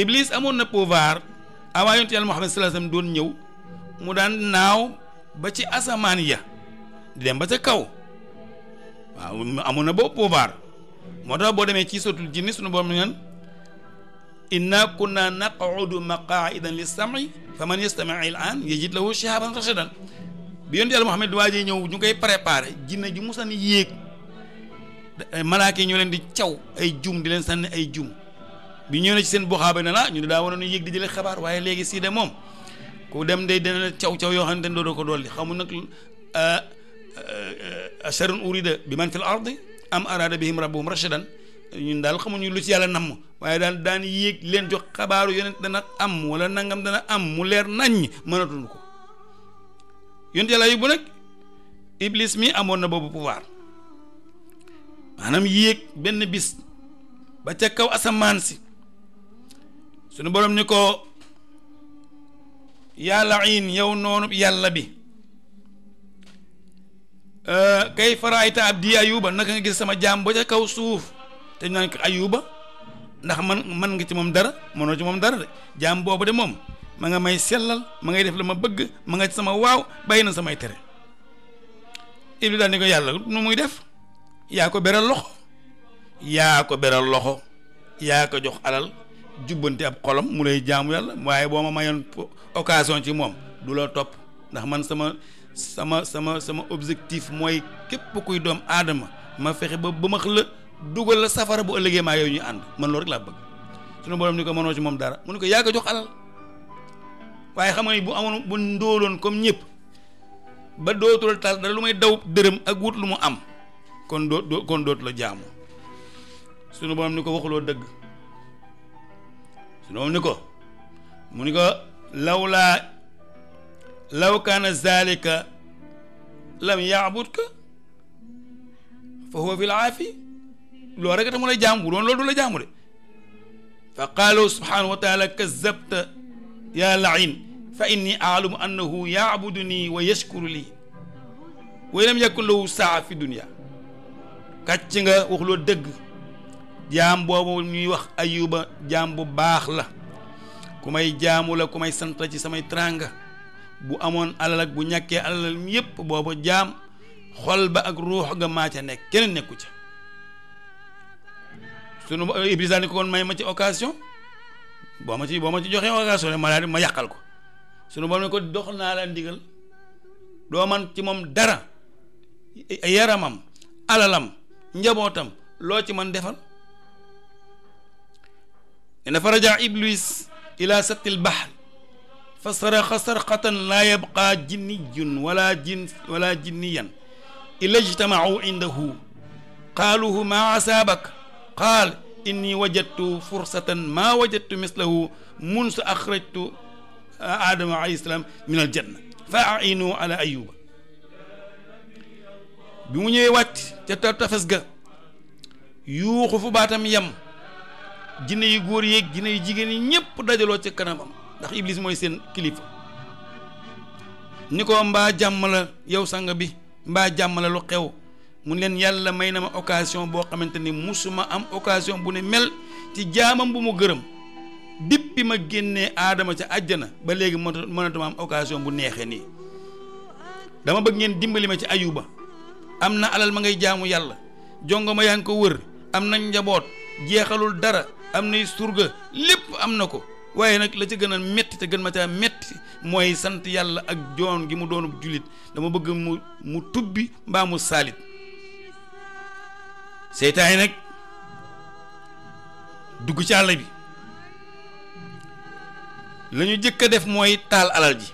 iblis amoon na pouvoir avant yonent yàlla Muhammad sallallahu alayhi wasallam doon ñëw mu daan naaw ba ci asamaan ya di dem ba ca kaw waaw amoon na boobu pouvoir moo tax boo demee ci sotul jinni sunu borom neen inna kunna naqudu maqaidan lis sami fa man yastami al an yajid lahu shihaban rashadan bi yonent yàlla Muhammad waa ji ñëw ñu koy préparé jinne ju musan yéeg malaaka yi ñoo leen di caw ay jum di leen sànni ay jum bi ñëw na ci seen boxaaba ne la ñu daa waroon a yéeg di jëlee xabaar waaye léegi de moom ku dem day dana caw caw yoo xam ne doo ko dolli xamul nag ah, ah, ah, asharun urida bi man fil ardi am arada bihim rabbuhum rashadan ñun daal xamuñu lu ci yàlla namm waaye daal daan yéeg leen jox xabaaru yonent dana am wala nangam dana am mu leer naññ mënatuñu ko yonent yàlla Ayubu nag iblis mi amoon na boobu pouvoir maanaam yéeg benn bis ba ca kaw asamaan si suñu boroom ni ko yàlla in yow noonu yàlla bi euh, kay faraayta ab di ayuba gis sama jaam ba ca kaw suuf te ñu ko ayuba ndax man man nga ci moom dara mënoo ci moom dara de jaam boobu de moom ma nga may sellal ma ngay def la ma bëgg ma nga sama waaw bàyyi na samay tere Iblis daal ko yàlla nu muy def yaa ko beral loxo yaa ko beral loxo yaa ko jox alal jubbante ab xolam mu lay jaamu yàlla waaye boo ma mayoon occasion ci moom du la topp ndax man sama sama sama sama objectif mooy képp kuy doom aadama ma fexe ba ba ma la dugal la safara bu ëllëgee maa yooyu ñu ànd man loolu rek laa bëgg sunu borom ni ko mënoo ci moom dara mu ne ko yaa waaye xam nga bu amoon bu ndóoloon comme ñëpp ba dootul tal dara lu may daw dërëm ak wut lu mu am kon doo doo kon dootu la jaamu sunu borom ni ko waxuloo dëgg sunu borom ni ko mu ni ko lawlaa law kaana zalika lam yaabudka fa huwa fi laafi loolu rek tax mu lay jaamu bu doon loolu du la jaamu de fa qaalu subhanahu wa taala yaa lain fa inni aalamu annahu yaabuduni wa yashkuru lii wa lam yakun lahu saa fi dunia kàcc nga wax loo dëgg jaam boobu ñuy wax ayuba jaam bu baax la ku may jaamu la ku may sant ci samay tranga bu amoon alal ak bu ñàkkee alal yépp booba jaam xol ba ak ruux ga maa ca nekk keneen nekku ca sunu Iblis daal ni may ma ci occasion boo ma ci boo ma ci joxee occasion ne ma yàqal ko sunu borom ne ko dox la ndigal doo man ci moom dara yaramam alalam njabootam loo ci man defal ne na faraja iblis ila sattil bahr fa saraxa sarqatan laa yabqaa jinniyun wala jin wala jinniyan illa ijtamau indahu qaaluhu maa asaabak qaal inni wajadtu fursatan maa wajadtu mislahu munsu axrajtu aadama alayhi salaam min al janna fa ainu ala ayuba bi mu ñëwee wàcc ca tafes ga yuuxu fu baatam yem jinne yu góor yéeg jinne yu jigéen yi ñëpp dajaloo ca kanamam ndax iblis mooy seen kilifa ni ko mbaa jàmm la yow sang bi mbaa jàmm la lu xew mu leen yàlla may na ma occasion boo xamante ni musuma am occasion bu ne mel ci jaamam bu mu gërëm dippi ma génnee aadama ca àjjana ba léegi mënatuma am occasion bu neexee nii dama bëgg ngeen dimbali ma ci ayuba am na alal ma ngay jaamu yàlla jongo yaa ngi ko wër am na njaboot jeexalul dara am na surga lépp am na ko waaye nag la ca gën a métti te gën ma caa métti mooy sant yàlla ak joon gi mu doonu jullit dama bëgg mu mu tubbi mbaa mu saalit seytaan yi nag dugg ci àll bi la ñu jëkk a def mooy taal alal ji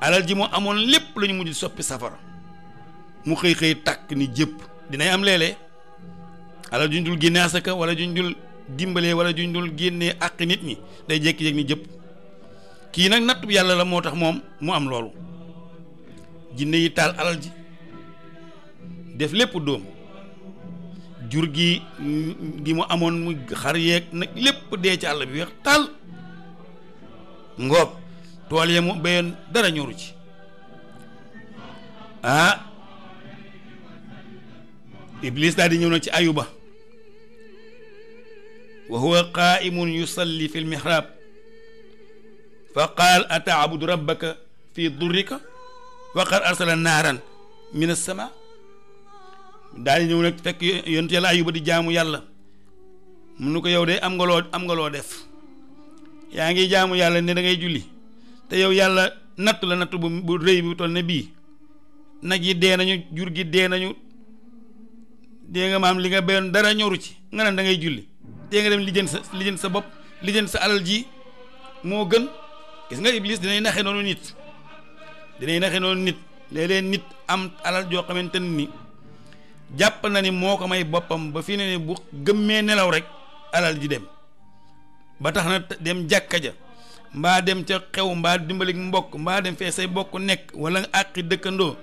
alal ji moo amoon lépp la ñu mujj soppi safara mu xëy xëy takk ni jëpp dinay am leele léeg ju juñ dul génne asaka wala juñ dul dimbalee wala juñ dul génnee àq nit ñi day jékki-jékki ni jëpp kii nag natt bi yàlla la moo tax moom mu am loolu jinne yi taal alal ji def lépp doom jur gi gi mu amoon mu xar yeeg nag lépp dee ci àll bi weex taal ngoob tool ya mu dara ñoru ci ah iblis daal di ñëw ci ayuba wa huwa qaimun yusalli fi lmihrab fa qaal ataabudu rabbaka fi durrika wa qad arsala naaran min alsama daal di ñëw nag fekk yonent yàlla ba di jaamu yàlla mu nu ko yow de am nga loo am nga loo def yaa ngi jaamu yàlla ne dangay ngay julli te yow yàlla natt la natt bu bu rëy bu toll ne bii nag yi dee nañu jur gi dee nañu dee nga maam li nga béyoon dara ñoru ci nga naan da ngay julli dee nga dem lijjën sa lijjën sa bopp lijjën sa alal ji moo gën gis nga iblis dinay naxe noonu nit dinay naxe noonu nit léeg-léeg nit am alal joo xamante ni. jàpp na ni moo ko may boppam ba fi ne ni bu gëmmee nelaw rek alal di dem ba tax na dem jàkka ja mbaa dem ca xew mbaa dimbali mbokk mbaa dem fee say bokk nekk wala nga àqi dëkkandoo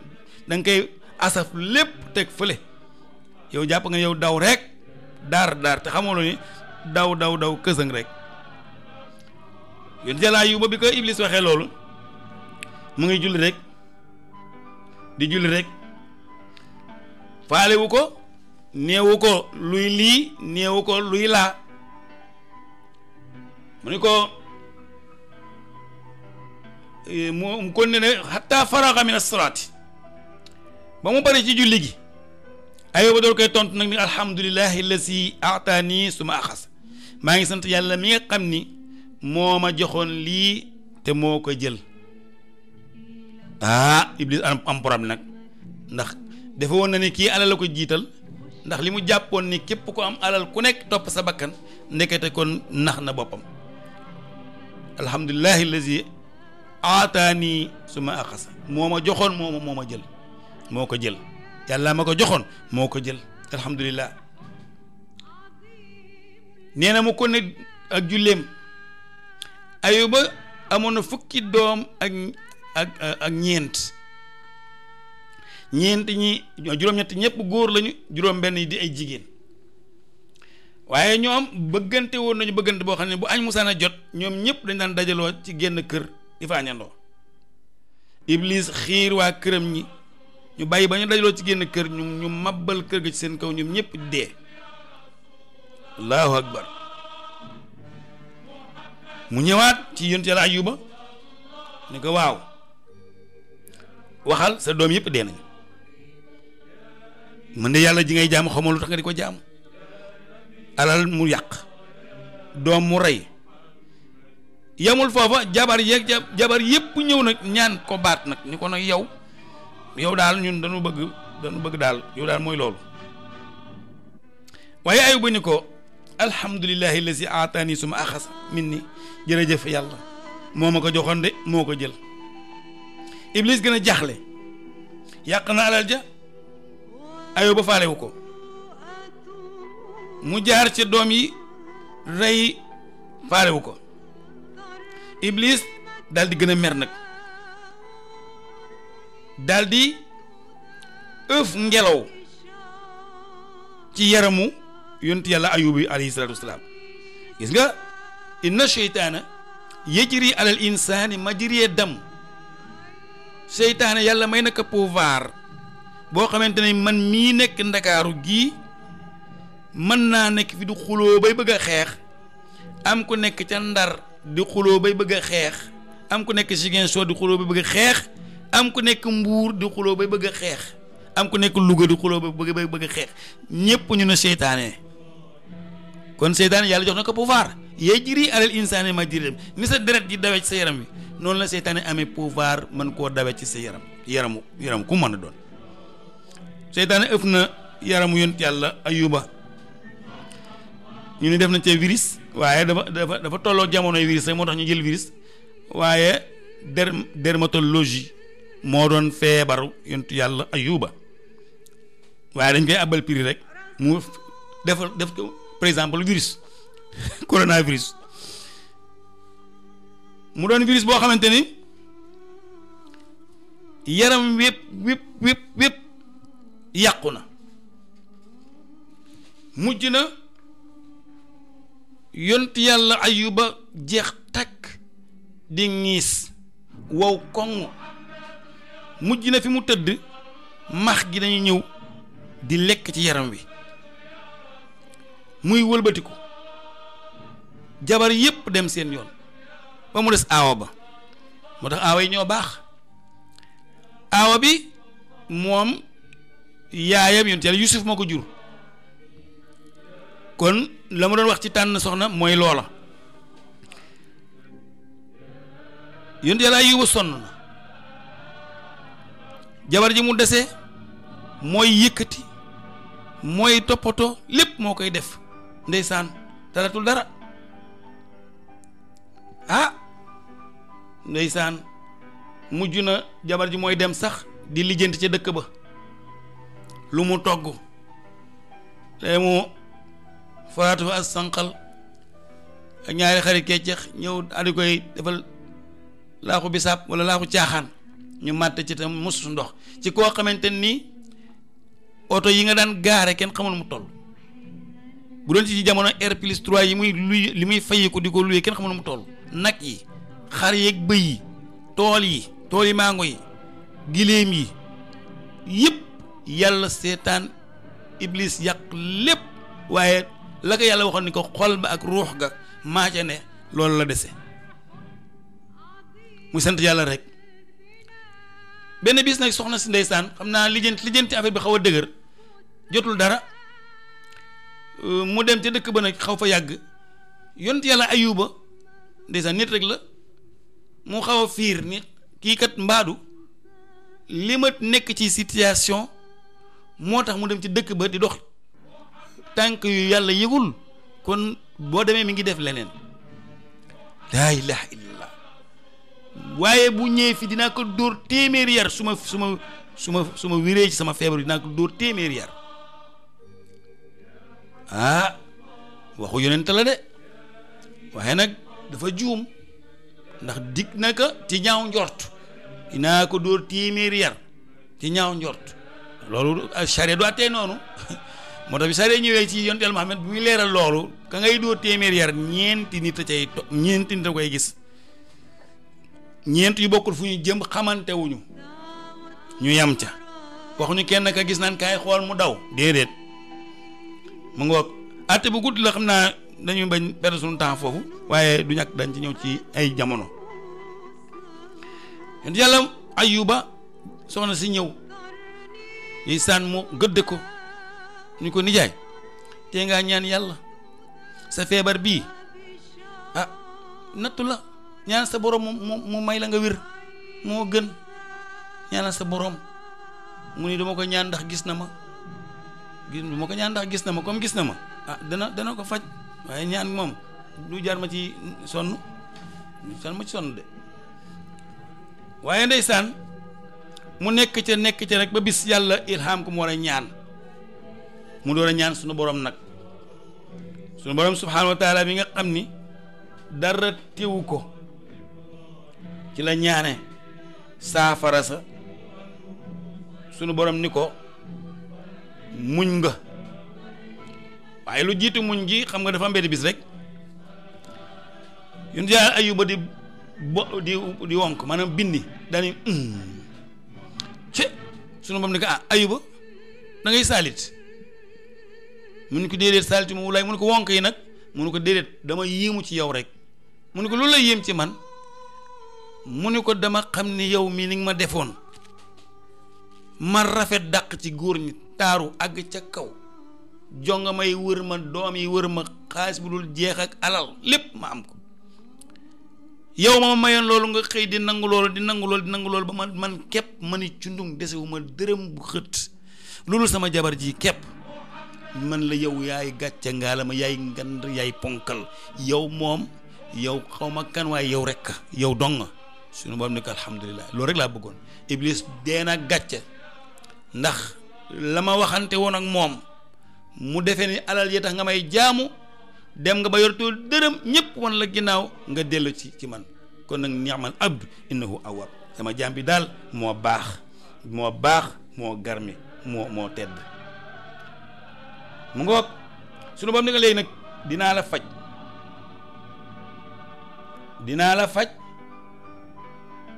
danga nga koy asaf lépp teg fële yow jàpp nga yow daw rek daar daar te xamoo ni daw daw daw kësëng rek yoon jalaa yu ba bi ko Iblis waxee loolu mu ngi julli rek di julli rek faalewu ko néewu ko luy lii néewu ko luy laa mu ni ko e, mu kon ne ne xatta faraga min asalaati ba mu bari ci julli gi ayooba door koy tontu nag ni alhamdulillahi allasi aataani suma axas maa ngi sant yàlla mi nga xam ni moo ma joxoon lii te moo ko jël ah iblis nag ndax dafa woon na ni kii alal la ko jiital ndax li mu jàppoon ni képp ko am alal ku nekk topp sa bakkan ndekete kon nax na boppam alhamdulilah alhamdulilahi lazi aataani suma axasa moo ma joxoon moo moo ma jël moo ko jël yàlla ma ko joxoon moo ko jël alhamdulilah nee na mu ko ne ak julleem ayuba amoon na fukki doom ak ak ak ñeent ñeent ñi juróom-ñett ñëpp góor lañu juróom-benn yi di ay jigéen waaye ñoom bëggante woon nañu bëggante boo xam ne bu añ musaan a jot ñoom ñëpp dañu daan dajaloo ci génn kër di fa añandoo Iblis xiir waa këram ñi ñu bàyyi ba ñu dajaloo ci génn kër ñu ñu mabbal kër ga ci seen kaw ñoom ñëpp dee allahu akbar mu ñëwaat ci yonent yàlla Ayuba ñu ko waaw waxal sa doom yëpp dee nañ mën na yàlla ji ngay jaamu xamoo lu tax nga di ko jaamu alal mu yàq doom mu rey yamul foofa jabar yeeg jabar yëpp ñëw nag ñaan ko baat nag ni ko nag yow yow daal ñun dañu bëgg dañu bëgg daal yow daal mooy loolu waaye ayuba ni ko alhamdulillahi allazi aataani suma axas min ni jërëjëf yàlla moo ma ko joxoon de moo ko jël iblis gën a jaaxle yàq na alal ja ayoba faalewu ko mu jaar ci doom yi rey faalewu ko iblis daldi di gën a mer nag daldi ëf ngelaw ci yaramu yonent yàlla ayuba yi alayhi gis nga inna sheytaana yajri alal insaani majriya dam seytaane yàlla may na ko boo xamante ne man mii nekk ndakaaru gii mën naa nekk fi di xuloo bay bëgg a xeex am ku nekk ca ndar di xuloo bay bëgg a xeex am ku nekk Ziguinchor di xuloo bay bëgg xeex am nekk mbuur di xuloo bay bëgg a xeex am ku nekk Louga di xuloo bay bëgg a xeex ñépp ñu ne seytaane kon seytaane yàlla jox na ko pouvoir yajri alal insaani majrihim ni sa deret di dawe sa yaram wi noonu la seytaane amee pouvoir mën koo dawe ci sa yaram yaramu yaram ku mën a doon seytaane ëpp na yaramu yont yàlla ayuba ñu ne def na cee virus waaye dafa dafa dafa tolloo jamonoy virus rek moo tax ñu jël virus waaye der dermatologie moo doon feebaru yontu yàlla ayuba waaye dañ koy abal prix rek mu def def par exemple virus coronavirus mu doon virus boo xamante ni yaram wépp wépp wépp yàqu na mujj na yont yàlla ayuba jeex takk di ŋiis wow koŋ mujj na fi mu tëdd max gi dañu ñëw di lekk ci yaram wi muy wëlbatiku jabar yépp dem seen yoon ba mu des aawa ba moo tax aawa yi ñoo baax aawa bi moom yaayam yonent yàlla Yuusuf ma ko jur kon la ma doon wax ci tànn soxna mooy loola yonent yàlla Ayuba sonn na jabar ji mu dese mooy yëkkati mooy toppatoo lépp moo koy def ndeysaan taratul dara ah ndeysaan mujj na jabar ji mooy dem sax di lijjanti ca dëkk ba lu mu togg léegi mu faratu fa as ak ñaari xarit keccex ñëw andi koy defal laaxu bisaab wala laaxu caaxaan ñu màtt ci tam mus ndox ci koo xamante ni oto yi nga daan gaare kenn xamul mu toll bu doon ci jamono R plus 3 yi muy luy li muy fayee ko di ko luyee kenn xamul mu toll nag yi xar yeeg bëy yi tool yi tool yi mango yi giléem yi yëpp yàlla seetaan iblis yàq lépp waaye la ko yàlla waxoon ni ko xol ba ak ruux ga maa ne loolu la dese muy sant yàlla rek benn bis nag soxna si ndeysaan xam naa lijjanti lijjanti affaire bi xaw a dëgër jotul dara euh, mu dem ca dëkk ba nag xaw fa yàgg yont yàlla ayuba ndeysaan nit rek la mu xaw a fiir ni kii kat mbaadu li ma nekk ci situation moo tax mu dem ci dëkk ba di dox tànk yu yàlla yëgul kon boo demee mi ngi def leneen laa ilaha illallah waaye bu ñëwee fi dinaa ko dóor téeméeri yar su ma su ma sama feebar dinaa ko dóor téeméeri yar ah waxu yonent la de waaye nag dafa juum ndax dig na ko ci ñaaw njort dinaa ko dóor téeméeri yar ci ñaaw njort loolu charia du àttee noonu moo tax bi charia ñëwee ci yontel Muhammad bi muy leeral loolu ka ngay doo téeméer yar ñeenti nit a cay to ñeenti nit a koy gis ñeent yu bokkul fu ñu jëm xamantewuñu ñu yam ca waxuñu kenn ka gis naan kaay xool mu daw déedéet mu nga àtte bu gudd la xam naa dañu bañ perdre suñu temps foofu waaye du ñàkk dañ ci ñëw ci ay jamono yàlla ayuba soxna si ñëw insaan mu gëdd ko ñu ko nijaay tee ngaa ñaan yàlla sa feebar bii ah nattu la ñaan sa borom mu mu may la nga wir moo gën ñaanal sa boroom mu ni dama ko ñaan ndax gis na ma gis dama ko ñaan ndax gis na ma comme gis na ma ah dana dana ko faj waaye ñaan moom du jaar ma ci sonn du jaar ma ci sonn de waaye ndeysaan mu nekk ca nekk ca rek ba bis yàlla ilham ko mu war a ñaan mu door a ñaan suñu boroom nag suñu borom subhaanahu bi nga xam ni dara teewu ko ci la ñaane saafara sa sunu boroom ni ko muñ nga waaye lu jiitu muñ gi xam nga dafa am bis rek yun yaa ayuba di bo di di wonk maanaam bindi daani mm. ci sunu borom ne ko ah ayuba da ngay saalit mu ni ko déedéet saalit yi mu wulaay mu ne ko wonk yi nag mu ne ko déedéet dama yéemu ci yow rek mu ni ko loolu la yéem ci man mu ne ko dama xam ni yow mii ni nga ma defoon ma rafet dàq ci góor ñi taaru àgg ca kaw jonga may wër ma doom yi wër ma xaalis bu dul jeex ak alal lépp ma am ko yow ma mayoon loolu nga xëy di nangu loolu di nangu loolu di nangu loolu ba man man képp ma ni cundung desewu ma dërëm bu xët loolu sama jabar ji képp man la yow yaay gàcce ngaa la ma yaay ngand yaay ponkal yow moom yow xaw ma kan waaye yow rek yow dong suñu borom ne ko alhamdulilah loolu rek laa bëggoon iblis dee na gàcce ndax la ma waxante woon ak moom mu defee ni alal yi tax nga may jaamu dem nga ba yoratul dërëm ñépp wan la ginnaaw nga dellu ci ci man kon nag ni'mal abdu innahu awwab sama jaam bi daal moo baax moo baax moo garmi moo moo tedd mu ngoog sunu boom ni nga léegi nag dinaa la faj dinaa la faj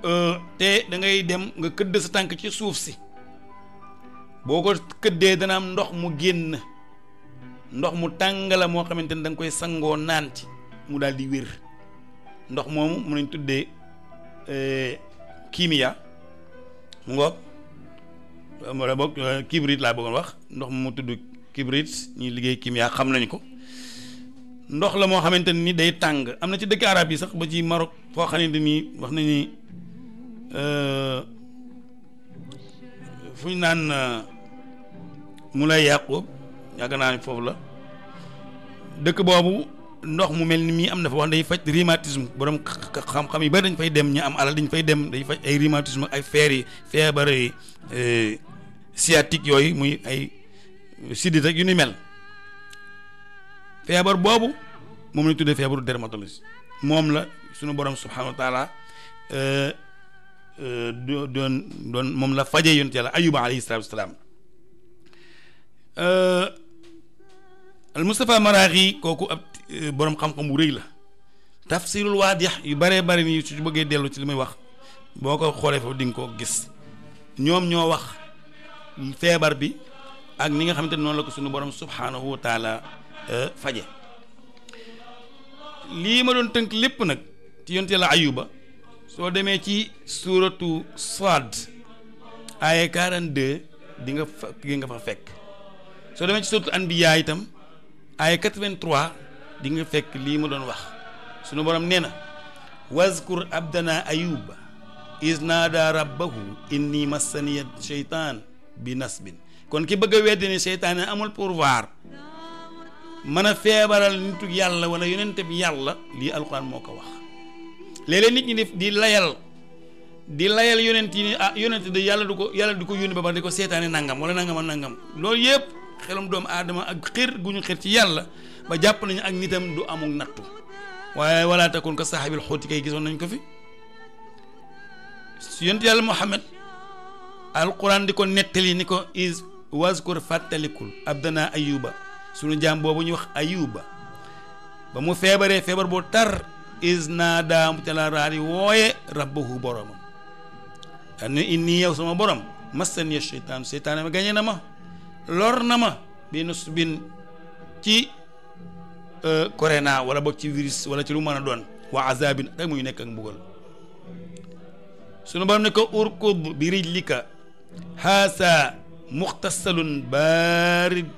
euh, te dangay dem nga këdd sa tànk ci suuf si boo ko këddee dana am ndox mu génn ndox mu tàng la moo xamante ni da koy sangoo naan ci mu daal di wér ndox moomu mu nañ tuddee euh, kimia mu ngoog wala boog euh, kibrit laa bëggoon wax ndox mu mu tudd kibrit ñuy liggéey kimia xam nañu ko ndox la moo xamante ni day tàng am na ci dëkk arab yi sax ba ci Maroc foo xamante nii wax nañ ni euh, fu ñu naan mu lay yàqu yàgg naa foofu la dëkk boobu ndox mu mel ni mii am na fa wax day faj rhumatisme borom xam-xam yi bari dañ fay dem ñu am alal dañ fay dem day faj ay rhumatisme ay feer yi feebar yi eh, sciatique yooyu muy ay sidit ak yu ni mel feebar boobu moom lañ tuddee feebaru dermatologie moom la suñu borom subhanahu wa taala eh, eh, doon doon moom la faje yonent la ayuba alayhi salaatu wasalaam al Moustapha Maraaxi kooku ab euh, boroom xam-xam bu rëy la tafsirul waadix yu bëree bëri nii su bëggee dellu si li muy wax boo ko xoolee foofu di nga ko gis ñoom ñoo wax feebar bi ak ni nga xamante noonu la ko sunu borom subhaanahu wa taala euh, faje lii ma doon tënk lépp nag ci yonte la ayuba soo demee ci suuratu Saad aaya 42 di nga fa di nga fa fekk soo demee ci suuratu anbiyaa itam. ay 83 di fekk lii mu doon wax sunu borom nee na wazkur abdana ayuba is naada rabbahu inni massaniya cheytaan bi nasbin kon ki bëgg a weddi ni cheytaan ne amul pourvoir mën a feebaral nitu yàlla wala yonente bi yàlla lii alquran moo ko wax léeg-léeg nit ñi di di layal di layal yonent yi ni ah yonent de yàlla du ko yàlla du ko yónni ba ba di ko seetaane nangam wala nangam ak nangam loolu yëpp xelum doomu aadama ak xir gu ñu xir ci yàlla ba jàpp nañu ak nitam du amuk nattu waaye wala takun ka saaxibil xóoti kay gisoon nañ ko fi su yonent yàlla Muhammad alquran di ko nettali ni ko is waskur fàttalikul abdana ayuba sunu jaam boobu ñu wax ayuba ba mu feebaree feebar boo tar is naa daamu ca la raari wooye rabbahu boromam daan inni yow sama borom massan ya seytaan gañe na ma lor na ma bi nus bin ci euh, corona wala boog ci virus wala ci lu mën a doon wa azabin rek muy nekk ak mbugal sunu borom ne ko urkub bi rijlika haasa muxtasalun baarid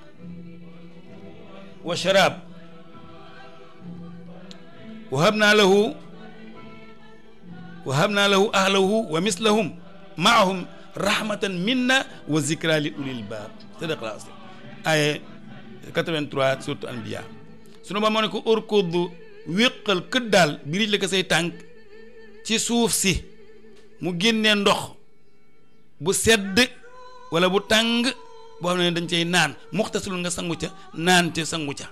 wa sharaab wa hab naa lahu wa hab naa lahu ahlahu wa mislahum maahum rahmatan minna wa zikra li ulil baab sadaq la asli aaye 83 surtout anbiya sunu ba moo ne ko urkud wéqal kët daal birij la ko say tànk ci suuf si mu génnee ndox bu sedd wala bu tàng boo xam ne dañ cay naan muxtasilul nga sangu ca naan ca sangu ca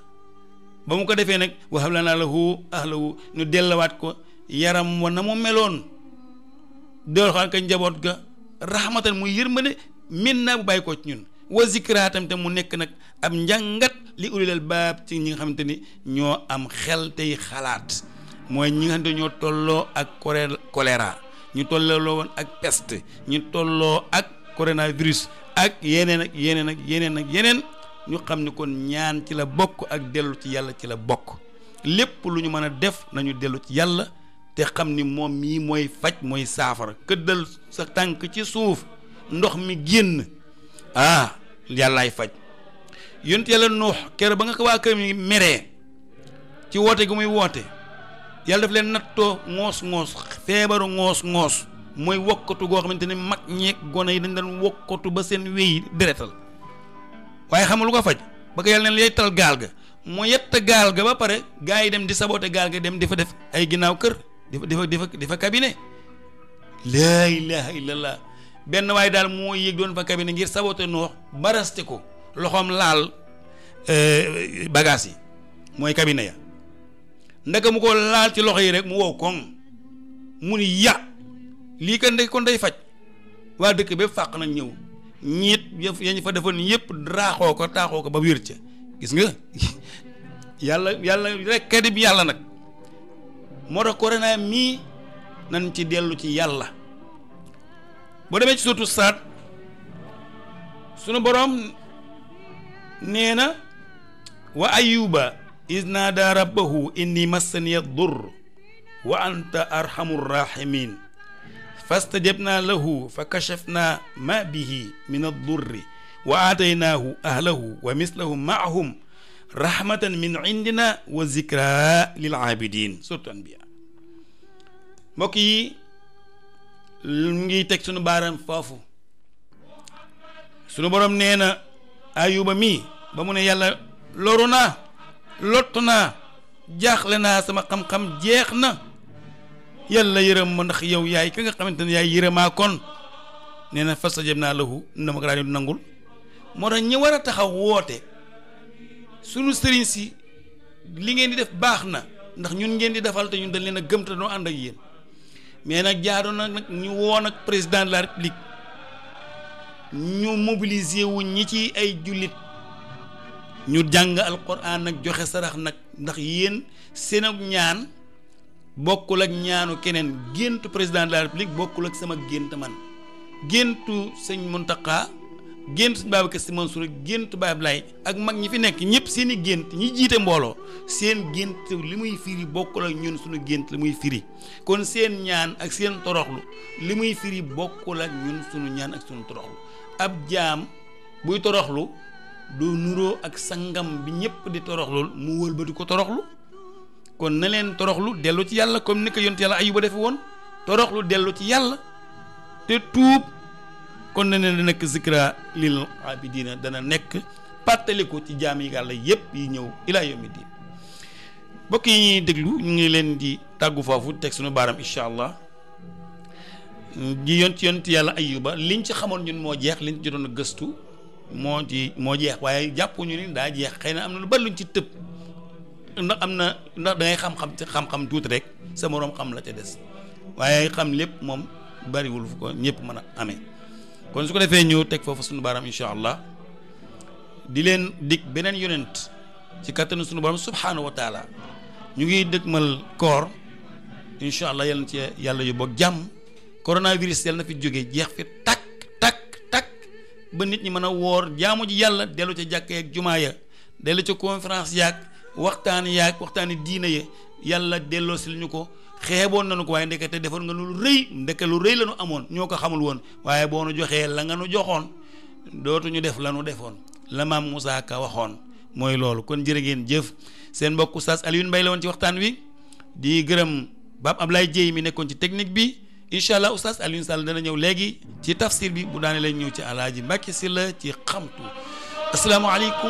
ba mu ko defee nag wahab lanaa lahu ahlahu ñu dellawaat ko yaram wa na mu meloon delloo xam njaboot ga rahmatan muy yërmande min naa bu bàyyi ko ci ñun wa zikra tamit mu nekk nag ab njàngat li ulil albaab ci ñi nga xamante ni ñoo am xel tey xalaat mooy ñi nga xamante ñoo tolloo ak coré ñu tolloo woon ak peste ñu tolloo ak coronavirus ak yeneen ak yeneen ak yeneen ak yeneen ñu xam ni kon ñaan ci la bokk ak dellu ci yàlla ci la bokk lépp lu ñu mën a def nañu dellu ci yàlla te xam ni moom mii mooy faj mooy saafara këddal sa tànk ci suuf ndox mi génn ah yàllaay faj yonent yàlla nuux kër ba nga ko waa kër mi meree ci woote gi muy woote yàlla daf leen nattoo ngoos-ngoos feebaru ngoos-ngoos mooy wokkatu goo xamante ne mag ñeeg gone yi dañ daan wokkatu ba seen wéy deretal waaye xam lu ko faj ba ko yàlla ne yettal gaal ga moo yett gaal ga ba pare gaa yi dem di sabote gaal ga dem di fa def ay ginnaaw kër difa difa difa difa cabinet laa ilaha illallah benn waaye daal moo yéeg doon fa cabinet ngir saboté noox baraste ko loxoom laal euh, bagage yi mooy cabinet ya ndaka mu ko laal ci loxo yi rek mu wow koŋ mu ni ya lii ka day kon day faj waa dëkk bépp fàq na ñëw ñiit yañ fa defoon yëpp raaxoo ko taaxoo ko ba wér ca gis nga yàlla yàlla rek kadib yàlla nag moo tax corona mii nañ ci dellu ci yàlla boo demee ci surtout saat sunu boroom nee na wa ayuba isnaada rabbahu inni massaniya dur wa anta arhamu rahimin fastajabna lahu fa kashafna ma bihi min ad durri wa aataynaahu ahlahu wa mislahum maahum rahmatan min indina wa zikra lil abidin surtout anbiya mbokk yi mu ngi teg sunu baaram foofu sunu borom nee na ayuba mii ba mu ne yàlla loru naa lottu naa jaaxle naa sama xam-xam jeex na yàlla yërëm ma ndax yow yaay ka nga xamante ne yaay yërëmaa kon nee na fastajabnaa lahu na ma ko nangul moo tax ñi woote suñu sëriñ si li ngeen di def baax na ndax ñun ngeen di defal te ñun dañ leen a gëm te doo ànd ak yéen mais nag jaadoon na nag ñu woon ak président de la république ñu mobiliser wu ñi ci ay jullit ñu jàng alquran ak joxe sarax nag ndax yéen seen ak ñaan bokkul ak ñaanu keneen géntu président de la république bokkul ak sama gént man géntu sëñ Muntaqa gént sëñ Babacar Sy Mansour gént Baye Ablaye ak mag ñi fi nekk ñëpp seeni gént ñi jiite mbooloo seen gént li muy firi bokkul ak ñun suñu gént li muy firi kon seen ñaan ak seen toroxlu li muy firi bokkul ak ñun suñu ñaan ak suñu toroxlu ab jaam buy toroxlu du nuroo ak sangam bi ñëpp di toroxlul mu wëlbati ko toroxlu kon na leen toroxlu dellu ci yàlla comme ni ko yonent yàlla Ayuba defe woon toroxlu dellu ci yàlla te tuub kon ne ne nekk zikra lil abidina dana nekk pàttali ko ci jaam yi yàlla yépp yi ñëw ilaa yawmi diin mbokk yi déglu ñu ngi leen di tàggu foofu teg suñu baaram incha allah di yont yont yàlla ayuba liñ ci xamoon ñun moo jeex liñ ci doon gëstu moo ci moo jeex waaye jàppuñu ni daa jeex xëy na am na lu bari luñ ci tëb ndax am na ndax dangay xam-xam ci xam-xam tuuti rek sa moroom xam la ca des waaye xam lépp moom bariwul fu ko ñëpp mën a amee kon su ko defee ñëw teg foofu suñu baaraam incha allah di leen dig beneen yonent ci kattanu suñu borom subhaanahu wa taala ñu ngi dëgmal koor incha allah yal na ci yàlla yu boog jàmm coronavirus yal na fi jóge jeex fi takk takk takk ba nit ñi mën a woor jaamu ji yàlla dellu ci jàkka ak jumaa ya dellu ca conférence yaag waxtaan yaag waxtaani diina ya yàlla delloo si lu ñu ko xeeboon nañu ko waaye ndekete defoon nga lu rëy ndeke lu rëy la ñu amoon ñoo ko xamul woon waaye boo nu joxee la nga nu joxoon dootuñu def la nu defoon la maam Moussa Ka waxoon mooy loolu kon jërë ngeen jëf seen mbokk Oustaz Alioune Mbaye la woon ci waxtaan wi di gërëm Bab Ablaye Dieye mi nekkoon ci technique bi incha allah Oustaz Alioune Sall dana ñëw léegi ci tafsir bi mu daane lay ñëw ci alaaji Mbàkke si la ci xamtu asalaamaaleykum